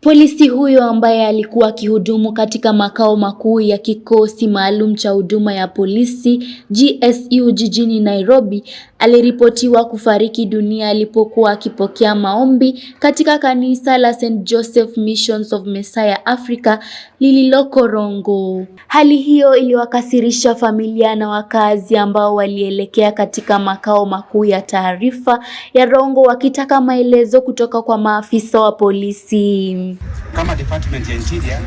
Polisi huyo ambaye alikuwa akihudumu katika makao makuu ya kikosi maalum cha huduma ya polisi GSU jijini Nairobi aliripotiwa kufariki dunia alipokuwa akipokea maombi katika kanisa la St Joseph Missions of Messiah Africa lililoko Rongo. Hali hiyo iliwakasirisha familia na wakazi ambao walielekea katika makao makuu ya taarifa ya Rongo wakitaka maelezo kutoka kwa maafisa wa polisi. Kama department ya interior,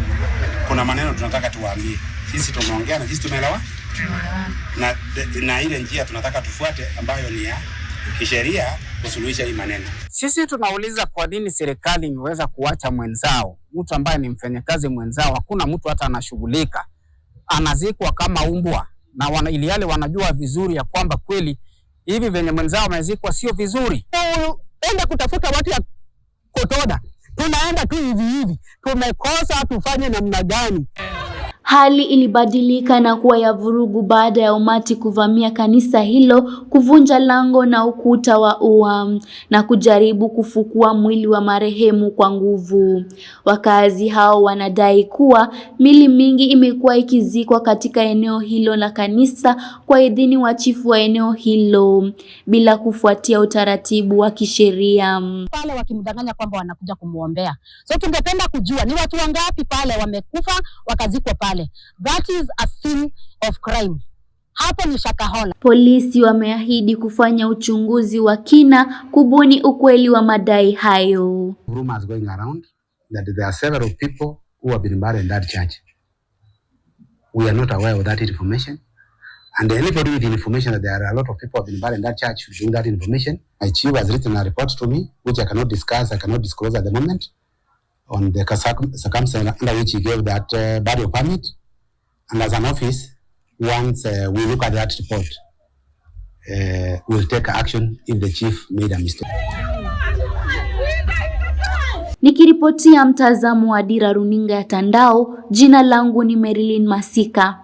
kuna maneno tunataka tuwaambie. Sisi tumeongea na sisi tumeelewa na, na ile njia tunataka tufuate ambayo ni ya kisheria kusuluhisha hii maneno. Sisi tunauliza kwa nini serikali imeweza kuacha mwenzao, mtu ambaye ni mfanyakazi mwenzao, hakuna mtu hata anashughulika, anazikwa kama umbwa na wana, ili yale wanajua vizuri ya kwamba kweli hivi venye mwenzao amezikwa sio vizuri. Tuende kutafuta watu ya kotoda, tunaenda tu hivi hivi, tumekosa tufanye namna gani? Hali ilibadilika na kuwa ya vurugu baada ya umati kuvamia kanisa hilo, kuvunja lango na ukuta wa ua na kujaribu kufukua mwili wa marehemu kwa nguvu. Wakazi hao wanadai kuwa mili mingi imekuwa ikizikwa katika eneo hilo la kanisa kwa idhini wa chifu wa eneo hilo bila kufuatia utaratibu wa kisheria. Pale wakimdanganya kwamba wanakuja kumuombea. So tungependa kujua ni watu wangapi pale wamekufa wakazikwa pale pale. That is a scene of crime. Hapo ni Shakahola. Polisi wameahidi kufanya uchunguzi wa kina kubuni ukweli wa madai hayo. Rumors going around that there are several people who have been buried in that church. We are not aware of that information. And anybody with information that there are a lot of people have been buried in that church should bring that information. My chief has written a report to me, which I cannot discuss, I cannot disclose at the moment on the circumstances under which he gave that uh, burial permit. And as an office, once uh, we look at that report, uh, we'll take action if the chief made a mistake. Nikiripotia mtazamo wa Dira Runinga ya Tandao, jina langu ni Marilyn Masika.